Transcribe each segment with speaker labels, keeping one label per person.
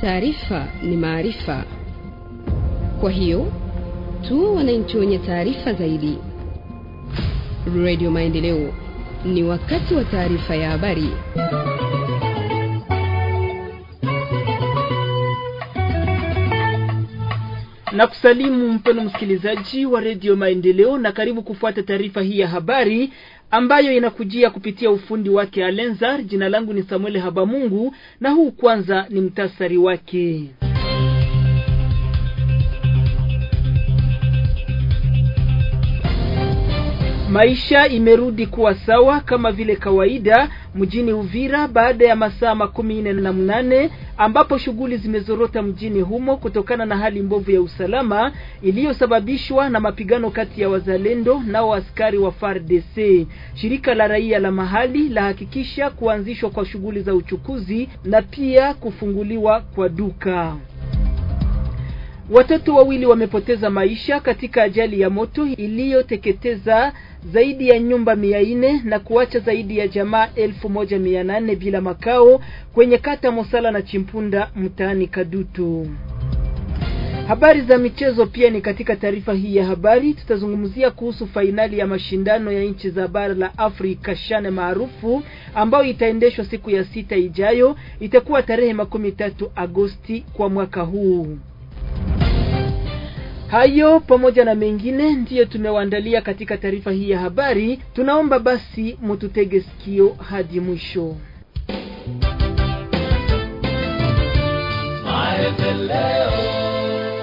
Speaker 1: Taarifa ni maarifa, kwa hiyo tuwe wananchi wenye taarifa zaidi. Radio Maendeleo, ni wakati wa taarifa ya habari.
Speaker 2: Na kusalimu mpeno msikilizaji wa redio Maendeleo na karibu kufuata taarifa hii ya habari ambayo inakujia kupitia ufundi wake Alenzar. Jina langu ni Samuel Habamungu na huu kwanza ni mtasari wake. Maisha imerudi kuwa sawa kama vile kawaida mjini Uvira baada ya masaa makumi nne na mnane ambapo shughuli zimezorota mjini humo kutokana na hali mbovu ya usalama iliyosababishwa na mapigano kati ya wazalendo nao askari wa FARDC. Shirika la raia la mahali lahakikisha kuanzishwa kwa shughuli za uchukuzi na pia kufunguliwa kwa duka. Watoto wawili wamepoteza maisha katika ajali ya moto iliyoteketeza zaidi ya nyumba mia nne na kuacha zaidi ya jamaa elfu moja mia nane bila makao kwenye kata Mosala na Chimpunda mtaani Kadutu. Habari za michezo pia ni katika taarifa hii ya habari. Tutazungumzia kuhusu fainali ya mashindano ya nchi za bara la Afrika shane maarufu ambayo itaendeshwa siku ya sita ijayo, itakuwa tarehe makumi tatu Agosti kwa mwaka huu. Hayo pamoja na mengine ndiyo tumewaandalia katika taarifa hii ya habari. Tunaomba basi mututege sikio hadi mwisho.
Speaker 3: Maendeleo.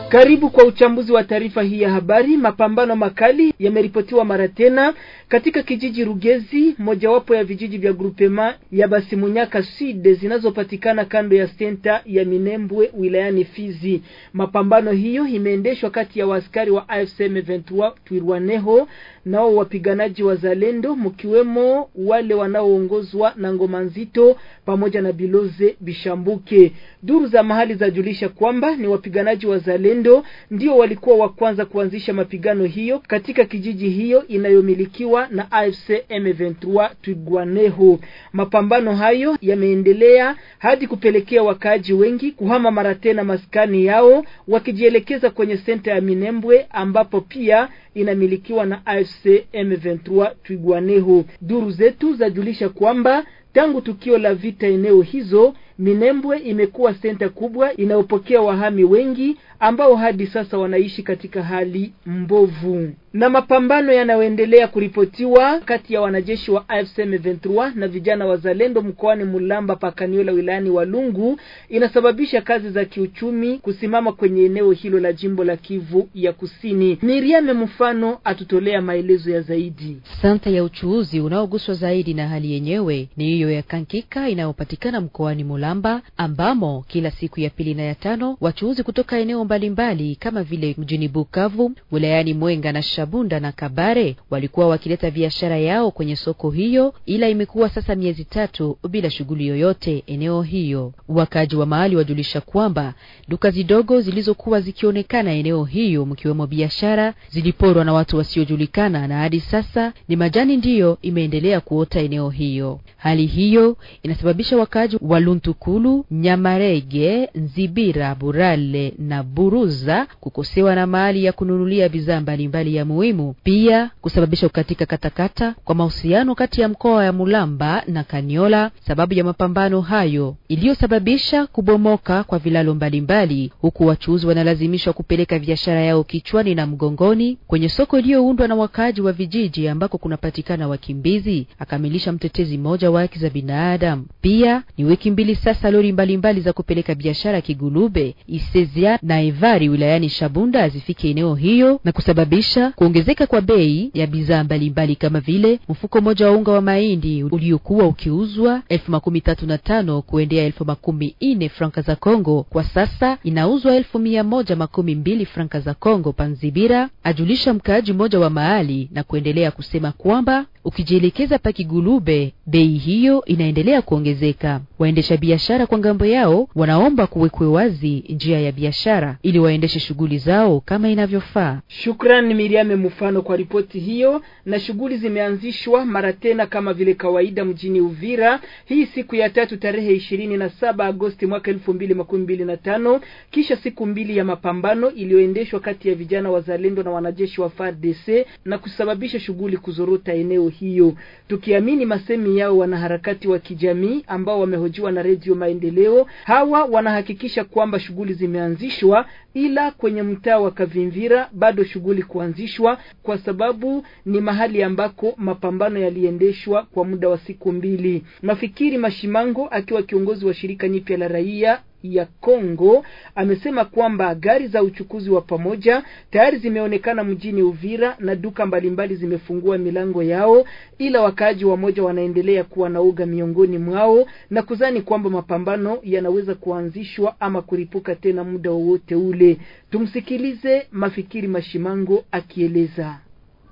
Speaker 2: Karibu kwa uchambuzi wa taarifa hii ya habari. Mapambano makali yameripotiwa mara tena katika kijiji Rugezi, mojawapo ya vijiji vya grupema ya Basimunyaka Sud zinazopatikana kando ya senta ya Minembwe wilayani Fizi. Mapambano hiyo imeendeshwa kati ya waaskari wa AFC M23 Twirwaneho nao wapiganaji wazalendo mkiwemo wale wanaoongozwa na ngoma nzito pamoja na Biloze Bishambuke. Duru za mahali zajulisha kwamba ni wapiganaji wazalendo ndio walikuwa wa kwanza kuanzisha mapigano hiyo katika kijiji hiyo inayomilikiwa na AFC M23 Twigwaneho. Mapambano hayo yameendelea hadi kupelekea wakaaji wengi kuhama mara tena maskani yao wakijielekeza kwenye senta ya Minembwe ambapo pia inamilikiwa na AFC M23 Twigwaneho. Duru zetu zajulisha kwamba tangu tukio la vita eneo hizo Minembwe imekuwa senta kubwa inayopokea wahami wengi ambao hadi sasa wanaishi katika hali mbovu, na mapambano yanayoendelea kuripotiwa kati ya wanajeshi wa AFC M23 na vijana wazalendo mkoani Mulamba Pakaniola wilayani Walungu inasababisha kazi za kiuchumi kusimama kwenye eneo hilo la jimbo la Kivu ya Kusini. Miriam Mfano atutolea maelezo ya zaidi.
Speaker 1: Santa ya uchuuzi unaoguswa zaidi na hali yenyewe ni hiyo ya Kankika inayopatikana mkoani Mulamba Mulamba ambamo kila siku ya pili na ya tano wachuuzi kutoka eneo mbalimbali kama vile mjini Bukavu, wilayani Mwenga na Shabunda na Kabare walikuwa wakileta biashara yao kwenye soko hiyo, ila imekuwa sasa miezi tatu bila shughuli yoyote eneo hiyo. Wakaji wa mahali wajulisha kwamba duka zidogo zilizokuwa zikionekana eneo hiyo, mkiwemo biashara, ziliporwa na watu wasiojulikana, na hadi sasa ni majani ndiyo imeendelea kuota eneo hiyo. Hali hiyo inasababisha wakaaji wa Luntu Nyamukulu, Nyamarege, Nzibira, Burale na Buruza kukosewa na mahali ya kununulia bidhaa mbalimbali ya muhimu, pia kusababisha kukatika katakata kwa mahusiano kati ya mkoa ya Mulamba na Kaniola sababu ya mapambano hayo iliyosababisha kubomoka kwa vilalo mbalimbali, huku wachuuzi wanalazimishwa kupeleka biashara yao kichwani na mgongoni kwenye soko iliyoundwa na wakaaji wa vijiji ambako kunapatikana wakimbizi, akamilisha mtetezi mmoja wa haki za binadamu. Pia ni wiki mbili sasa lori mbalimbali mbali za kupeleka biashara Kigulube, Isezia na Evari wilayani Shabunda azifike eneo hiyo na kusababisha kuongezeka kwa bei ya bidhaa mbalimbali kama vile mfuko mmoja wa unga wa mahindi uliokuwa ukiuzwa elfu makumi tatu na tano kuendea elfu makumi ine franka za congo kwa sasa inauzwa elfu mia moja makumi mbili franka za congo Panzibira, ajulisha mkaaji mmoja wa mahali na kuendelea kusema kwamba ukijielekeza pa Kigulube bei hiyo inaendelea kuongezeka. Waendesha biashara kwa ngambo yao wanaomba kuwekwe wazi njia ya biashara ili waendeshe shughuli zao kama inavyofaa.
Speaker 2: Shukrani Miriame Mfano kwa ripoti hiyo. Na shughuli zimeanzishwa mara tena kama vile kawaida mjini Uvira hii siku ya tatu tarehe ishirini na saba Agosti mwaka elfu mbili makumi mbili na tano kisha siku mbili ya mapambano iliyoendeshwa kati ya vijana wazalendo na wanajeshi wa FARDC na kusababisha shughuli kuzorota eneo hiyo, tukiamini masemi yao wanaharakati wa kijamii ambao wame waliojiwa na Redio Maendeleo. Hawa wanahakikisha kwamba shughuli zimeanzishwa, ila kwenye mtaa wa Kavimvira bado shughuli kuanzishwa, kwa sababu ni mahali ambako mapambano yaliendeshwa kwa muda wa siku mbili. Mafikiri Mashimango akiwa kiongozi wa shirika nyipya la raia ya Kongo amesema kwamba gari za uchukuzi wa pamoja tayari zimeonekana mjini Uvira na duka mbalimbali zimefungua milango yao, ila wakaaji wamoja wanaendelea kuwa na uga miongoni mwao na kuzani kwamba mapambano yanaweza kuanzishwa ama kuripuka tena muda wowote ule. Tumsikilize Mafikiri Mashimango akieleza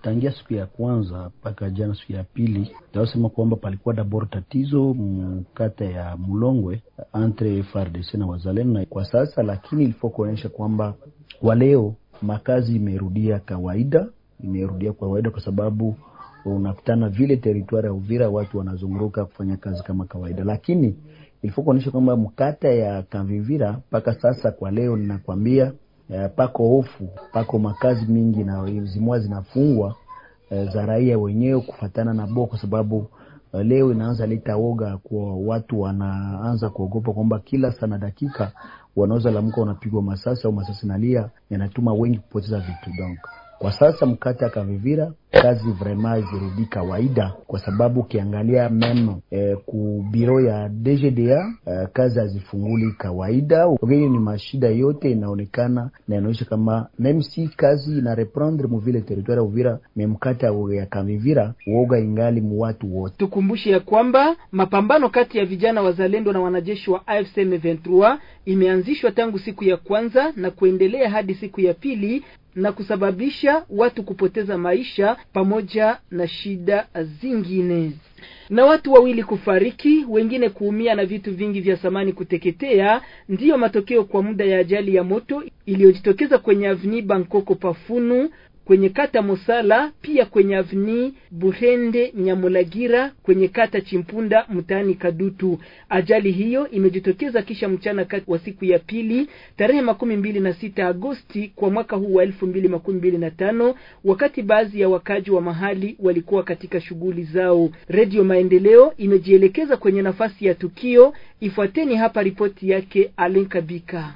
Speaker 4: tangia siku ya kwanza mpaka jana siku ya pili, tawasema kwamba palikuwa dabor tatizo mkata ya Mulongwe entre FARDC na wazalendo kwa sasa, lakini ilifo kuonyesha kwamba kwa leo makazi imerudia kawaida, imerudia kawaida kwa sababu unakutana vile teritwari ya Uvira, watu wanazunguruka kufanya kazi kama kawaida, lakini ilifo kuonyesha kwamba mkata ya kavivira mpaka sasa kwa leo ninakwambia eh, pako hofu, pako makazi mingi na zimwa zinafungwa eh, za raia wenyewe kufatana na boko sababu eh, leo inaanza leta woga kwa watu, wanaanza kuogopa kwamba kila sana dakika wanaweza lamka, wanapigwa masasi au masasi nalia, yanatuma wengi kupoteza vitu. Donc kwa sasa mkata Kavivira kazi vrema zirudi kawaida, kwa sababu ukiangalia meme eh, ku biro ya DGDA eh, kazi hazifunguli kawaida. Hiyo ni mashida yote inaonekana na inaonyesha kama meme si kazi ina reprendre muvile teritoria Uvira memkata ya Kamivira uoga ingali muwatu wote.
Speaker 2: Tukumbushe ya kwamba mapambano kati ya vijana wazalendo na wanajeshi wa AFC M23 imeanzishwa tangu siku ya kwanza na kuendelea hadi siku ya pili na kusababisha watu kupoteza maisha pamoja na shida zingine, na watu wawili kufariki, wengine kuumia na vitu vingi vya samani kuteketea, ndiyo matokeo kwa muda ya ajali ya moto iliyojitokeza kwenye avni Bankoko Pafunu kwenye kata Musala, pia kwenye avni Buhende Nyamulagira kwenye kata Chimpunda mtaani Kadutu. Ajali hiyo imejitokeza kisha mchana kati wa siku ya pili tarehe makumi mbili na sita Agosti kwa mwaka huu wa elfu mbili makumi mbili na tano wakati baadhi ya wakaji wa mahali walikuwa katika shughuli zao. Redio Maendeleo imejielekeza kwenye nafasi ya tukio. Ifuateni hapa ripoti yake Alen Kabika.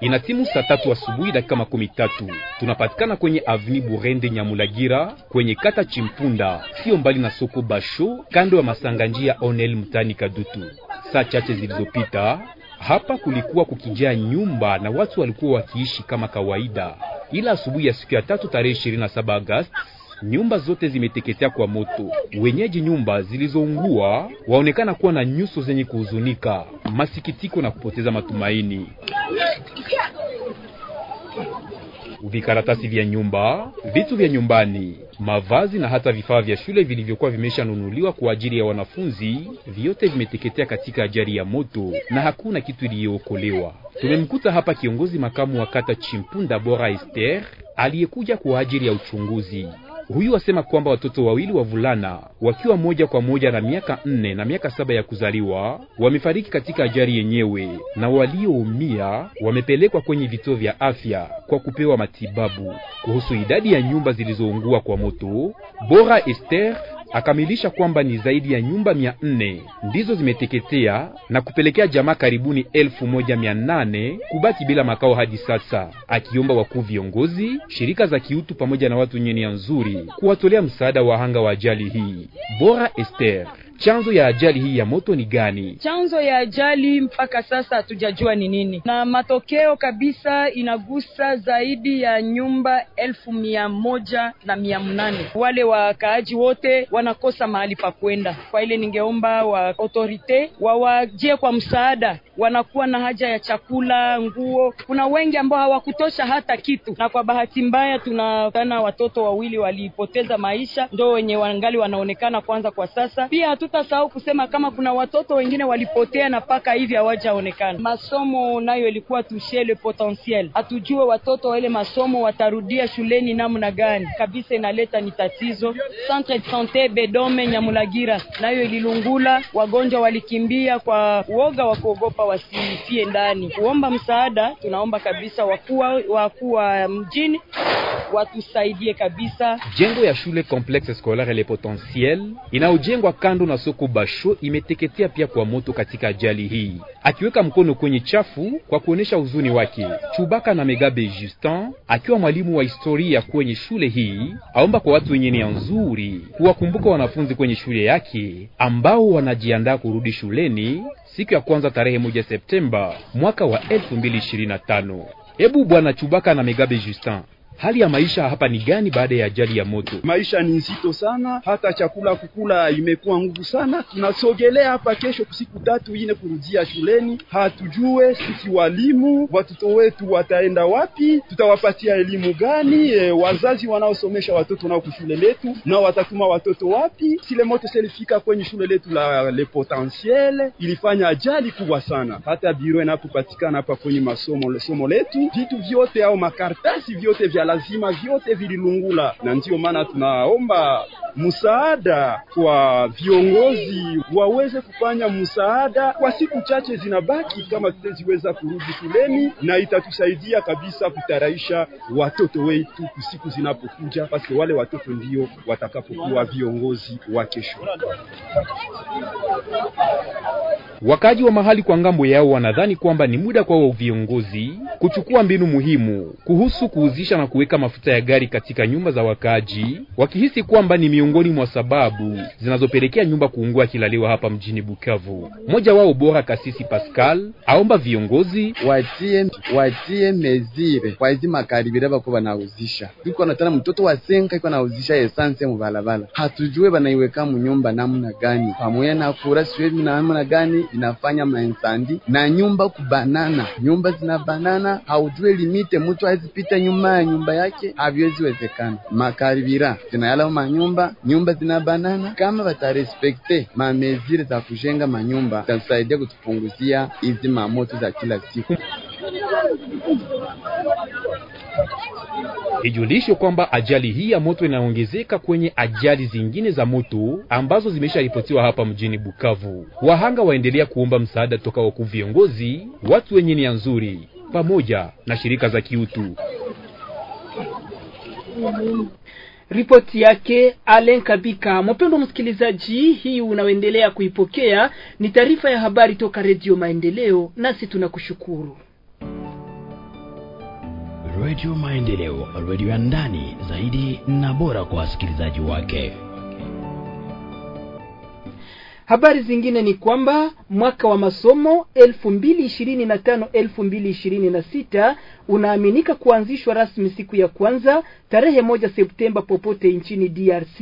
Speaker 3: Ina timu saa tatu
Speaker 5: asubuhi dakika makumi tatu tunapatikana kwenye avni Burende Nyamulagira kwenye kata Chimpunda, sio mbali na soko Basho, kando ya masanga njia Onel mtani Kadutu. Saa chache zilizopita hapa kulikuwa kukijaa nyumba na watu walikuwa wakiishi kama kawaida, ila asubuhi ya siku ya tatu tarehe 27 Agosti nyumba zote zimeteketea kwa moto. Wenyeji nyumba zilizoungua waonekana kuwa na nyuso zenye kuhuzunika, masikitiko na kupoteza matumaini. Vikaratasi vya nyumba, vitu vya nyumbani, mavazi na hata vifaa vya shule vilivyokuwa vimeshanunuliwa kwa ajili ya wanafunzi, vyote vimeteketea katika ajali ya moto na hakuna kitu iliyookolewa. Tumemkuta hapa kiongozi makamu wa kata Chimpunda Bora Ester aliyekuja kwa ajili ya uchunguzi. Huyu asema kwamba watoto wawili wavulana wakiwa moja kwa moja na miaka nne na miaka saba ya kuzaliwa wamefariki katika ajali yenyewe, na walioumia wamepelekwa kwenye vituo vya afya kwa kupewa matibabu. Kuhusu idadi ya nyumba zilizoungua kwa moto, Bora Esther akamilisha kwamba ni zaidi ya nyumba mia nne ndizo zimeteketea na kupelekea jamaa karibuni elfu moja mia nane kubaki bila makao hadi sasa, akiomba wakuu viongozi, shirika za kiutu pamoja na watu wenye nia nzuri kuwatolea msaada wahanga wa ajali hii. Bora Esther Chanzo ya ajali hii ya moto ni gani?
Speaker 6: Chanzo ya ajali mpaka sasa hatujajua ni nini, na matokeo kabisa inagusa zaidi ya nyumba elfu mia moja na mia mnane. Wale wakaaji wote wanakosa mahali pa kwenda. Kwa ile ningeomba wa autorite wawajie kwa msaada, wanakuwa na haja ya chakula, nguo. Kuna wengi ambao hawakutosha hata kitu, na kwa bahati mbaya tunakutana watoto wawili walipoteza maisha, ndio wenye wangali wanaonekana kwanza kwa sasa. Pia hatu sahau kusema kama kuna watoto wengine walipotea na mpaka hivi hawajaonekana. Masomo nayo ilikuwa tushe le potentiel, hatujue watoto wale masomo watarudia shuleni namna gani kabisa, inaleta ni tatizo. Centre de sante Bedome Nyamulagira nayo ililungula, wagonjwa walikimbia kwa uoga wa kuogopa wasifie ndani. Kuomba msaada, tunaomba kabisa wakuu wa mjini watusaidie kabisa.
Speaker 5: Jengo ya shule complexe scolaire le potentiel inayojengwa kando na soko Basho imeteketea pia kwa moto katika ajali hii, akiweka mkono kwenye chafu kwa kuonyesha huzuni wake. Chubaka na Megabe Justin akiwa mwalimu wa historia kwenye shule hii aomba kwa watu wenye nia nzuri kuwakumbuka wanafunzi kwenye shule yake ambao wanajiandaa kurudi shuleni siku ya kwanza tarehe moja Septemba mwaka wa 2025. Hebu Bwana Chubaka na Megabe Justin Hali ya maisha hapa ni gani baada ya ajali ya moto? Maisha ni nzito sana, hata chakula kukula imekuwa nguvu sana. Tunasogelea hapa kesho siku tatu ine kurudia shuleni, hatujue sisi walimu watoto wetu wataenda wapi, tutawapatia elimu gani? E, wazazi wanaosomesha watoto nao kushule letu na watatuma watoto wapi? Sile moto selifika kwenye shule letu la Le Potentiel ilifanya ajali kubwa sana, hata biro inapopatikana hapa kwenye masomo somo letu, vitu vyote au makartasi vyote vya lazima vyote vililungula, na ndiyo maana tunaomba msaada kwa viongozi waweze kufanya msaada kwa siku chache zinabaki, kama tutaziweza kurudi shuleni, na itatusaidia kabisa kutaraisha watoto wetu siku zinapokuja, basi wale watoto ndio watakapokuwa viongozi wa kesho. Wakaji wa mahali kwa ngambo yao wanadhani kwamba ni muda kwa viongozi kuchukua mbinu muhimu kuhusu kuhuzisha na kuweka mafuta ya gari katika nyumba za wakaaji, wakihisi kwamba ni miongoni mwa sababu zinazopelekea nyumba kuungua kilalewa hapa mjini Bukavu. Mmoja wao bora Kasisi Pascal aomba viongozi watie watie mezire kwa hizi makaribira bako
Speaker 4: banauzisha iko tena mtoto wa senka iko nauzisha essence mu balabala, hatujue banaiweka munyumba namna gani, pamoja na kura siwe namna gani inafanya mainsandi na nyumba kubanana, nyumba zina banana, haujue limite mtu azipita nyuma ya nyumba nyumba yake haviwezi wezekana. Makaribira zinayala manyumba, nyumba zinabanana. Kama watarespekte mamezire za kujenga manyumba, zitatusaidia kutupunguzia hizi mamoto
Speaker 5: za kila siku. Ijulisho kwamba ajali hii ya moto inaongezeka kwenye ajali zingine za moto ambazo zimesharipotiwa hapa mjini Bukavu. Wahanga waendelea kuomba msaada toka wakuu viongozi, watu wenye nia nzuri, pamoja na shirika za kiutu.
Speaker 3: Mm-hmm.
Speaker 2: Ripoti yake Alen Kabika. Mpendwa msikilizaji, hii unaoendelea kuipokea ni taarifa ya habari toka Redio Maendeleo, nasi tunakushukuru.
Speaker 4: Redio Maendeleo, redio ya ndani zaidi na bora kwa wasikilizaji wake.
Speaker 2: Habari zingine ni kwamba mwaka wa masomo 2025 2026 unaaminika kuanzishwa rasmi siku ya kwanza tarehe moja Septemba popote nchini DRC.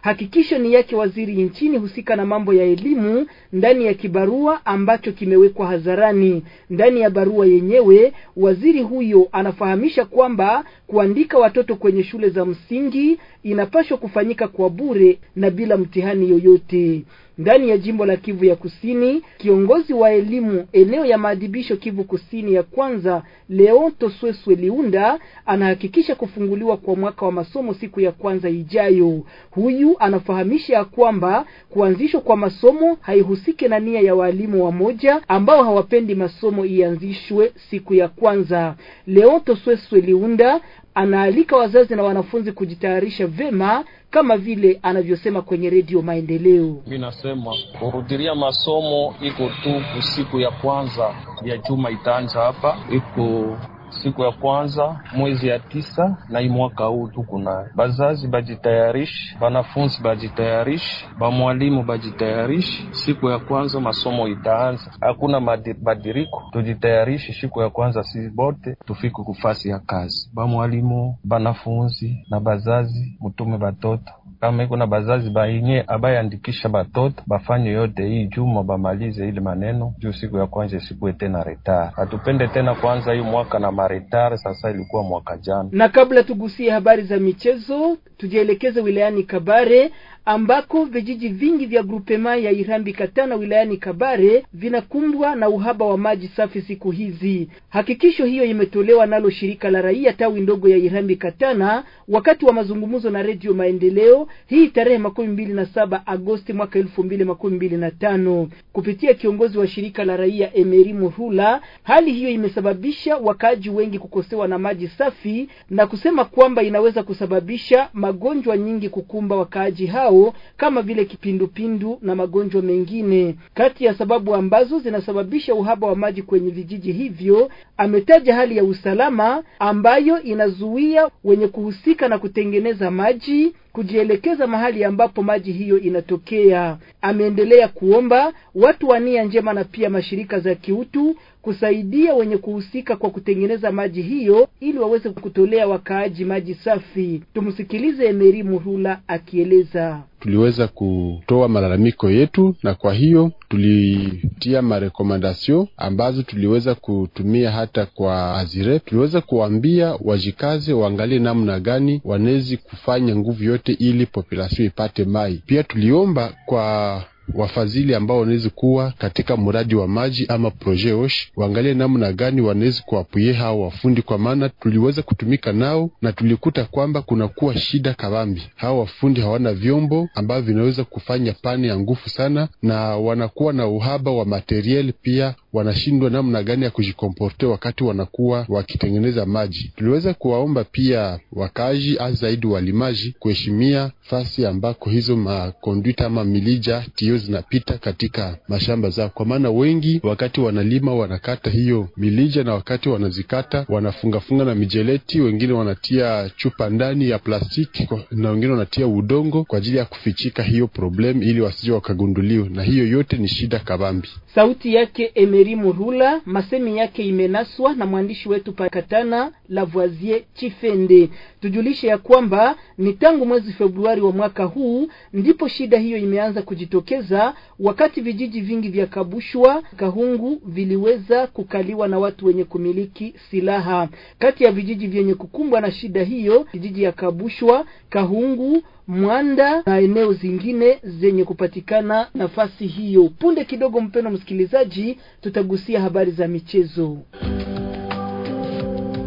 Speaker 2: Hakikisho ni yake waziri nchini husika na mambo ya elimu ndani ya kibarua ambacho kimewekwa hadharani. Ndani ya barua yenyewe waziri huyo anafahamisha kwamba kuandika watoto kwenye shule za msingi inapaswa kufanyika kwa bure na bila mtihani yoyote. Ndani ya jimbo la Kivu ya Kusini, kiongozi wa elimu eneo ya maadhibisho Kivu Kusini ya kwanza, Leonto Sweswe Liunda, anahakikisha kufunguliwa kwa mwaka wa masomo siku ya kwanza ijayo. Huyu anafahamisha ya kwamba kuanzishwa kwa masomo haihusiki na nia ya waalimu wamoja ambao hawapendi masomo ianzishwe siku ya kwanza. Leonto Sweswe Liunda anaalika wazazi na wanafunzi kujitayarisha vema kama vile anavyosema kwenye redio Maendeleo.
Speaker 5: Mimi nasema kurudilia masomo iko tu siku ya kwanza ya juma itaanza hapa iko siku ya kwanza mwezi ya tisa na hii mwaka huu tuko nayo. Bazazi bajitayarishi banafunzi bajitayarishi bamwalimu bajitayarishi Siku ya kwanza masomo itaanza, hakuna mabadiriko. tujitayarishi siku ya kwanza, sisi bote tufike kufasi ya kazi. Bamwalimu, banafunzi na bazazi, mutume batoto kama iko na bazazi bainye abayandikisha batoto bafanye yote hii juma bamalize ile maneno juu siku ya kwanza isikuwe tena retar. Hatupende tena kwanza hii mwaka na maretar, sasa ilikuwa mwaka jana. Na kabla
Speaker 2: tugusie habari za michezo, tujielekeze wilayani Kabare ambako vijiji vingi vya grupema ya Irambi Katana wilayani Kabare vinakumbwa na uhaba wa maji safi siku hizi. Hakikisho hiyo imetolewa nalo shirika la raia tawi ndogo ya Irambi Katana wakati wa mazungumzo na Redio Maendeleo hii tarehe makumi mbili na saba Agosti mwaka elfu mbili makumi mbili na tano kupitia kiongozi wa shirika la raia Emeri Murula. Hali hiyo imesababisha wakaaji wengi kukosewa na maji safi na kusema kwamba inaweza kusababisha magonjwa nyingi kukumba wakaaji hao yao kama vile kipindupindu na magonjwa mengine. Kati ya sababu ambazo zinasababisha uhaba wa maji kwenye vijiji hivyo, ametaja hali ya usalama ambayo inazuia wenye kuhusika na kutengeneza maji kujielekeza mahali ambapo maji hiyo inatokea. Ameendelea kuomba watu wa nia njema na pia mashirika za kiutu kusaidia wenye kuhusika kwa kutengeneza maji hiyo ili waweze kutolea wakaaji maji safi. Tumsikilize Emeri Muhula akieleza
Speaker 7: tuliweza kutoa malalamiko yetu, na kwa hiyo tulitia marekomandasio ambazo tuliweza kutumia hata kwa azire. Tuliweza kuambia wajikaze waangalie namna gani wanezi kufanya nguvu yote ili populasio ipate mai. Pia tuliomba kwa wafadhili ambao wanaweza kuwa katika mradi wa maji ama proje osh waangalie namna gani wanaweza kuwapuye hao wafundi, kwa maana tuliweza kutumika nao na tulikuta kwamba kunakuwa shida kabambi. Hao wafundi hawana vyombo ambavyo vinaweza kufanya pani ya nguvu sana, na wanakuwa na uhaba wa materiel pia wanashindwa namna gani ya kujikomporte wakati wanakuwa wakitengeneza maji. Tuliweza kuwaomba pia wakaji a zaidi walimaji kuheshimia fasi ambako hizo makonduita ama milija tio zinapita katika mashamba zao, kwa maana wengi wakati wanalima wanakata hiyo milija, na wakati wanazikata wanafungafunga na mijeleti, wengine wanatia chupa ndani ya plastiki na wengine wanatia udongo kwa ajili ya kufichika hiyo problem ili wasije wakagunduliwe, na hiyo yote ni shida kabambi.
Speaker 2: Sauti yake Emery Thierry Murula, masemi yake imenaswa na mwandishi wetu pakatana Lavoisier Chifende. Tujulishe ya kwamba ni tangu mwezi Februari wa mwaka huu ndipo shida hiyo imeanza kujitokeza, wakati vijiji vingi vya Kabushwa Kahungu viliweza kukaliwa na watu wenye kumiliki silaha. Kati ya vijiji vyenye kukumbwa na shida hiyo, kijiji ya Kabushwa Kahungu Mwanda na eneo zingine zenye kupatikana nafasi hiyo. Punde kidogo, mpendo msikilizaji, tutagusia habari za
Speaker 1: michezo.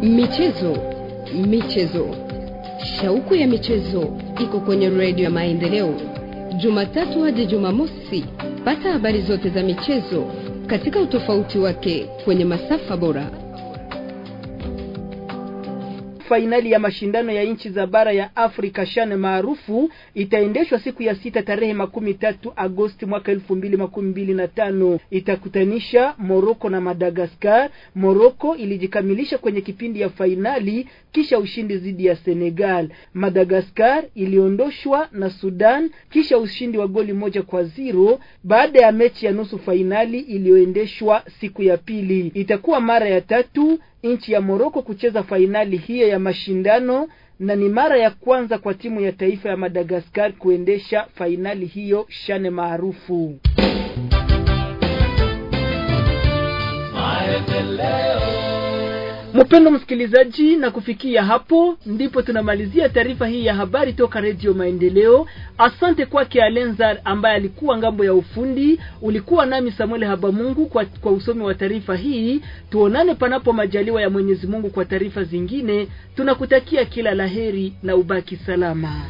Speaker 1: Michezo, michezo, shauku ya michezo iko kwenye redio ya Maendeleo, Jumatatu hadi Jumamosi. Pata habari zote za michezo katika utofauti wake kwenye masafa bora
Speaker 2: fainali ya mashindano ya nchi za bara ya Afrika shane maarufu itaendeshwa siku ya sita tarehe makumi tatu Agosti mwaka elfu mbili makumi mbili na tano itakutanisha Moroko na Madagaskar. Moroko ilijikamilisha kwenye kipindi ya fainali kisha ushindi dhidi ya Senegal. Madagaskar iliondoshwa na Sudan kisha ushindi wa goli moja kwa ziro baada ya mechi ya nusu fainali iliyoendeshwa siku ya pili. Itakuwa mara ya tatu nchi ya Moroko kucheza fainali hiyo ya mashindano na ni mara ya kwanza kwa timu ya taifa ya Madagascar kuendesha fainali hiyo shane maarufu. Mpendo msikilizaji, na kufikia hapo ndipo tunamalizia taarifa hii ya habari toka Redio Maendeleo. Asante kwake Alenza ambaye alikuwa ngambo ya ufundi. Ulikuwa nami Samuel Habamungu kwa, kwa usomi wa taarifa hii. Tuonane panapo majaliwa ya Mwenyezi Mungu kwa taarifa zingine. Tunakutakia kila laheri na ubaki salama.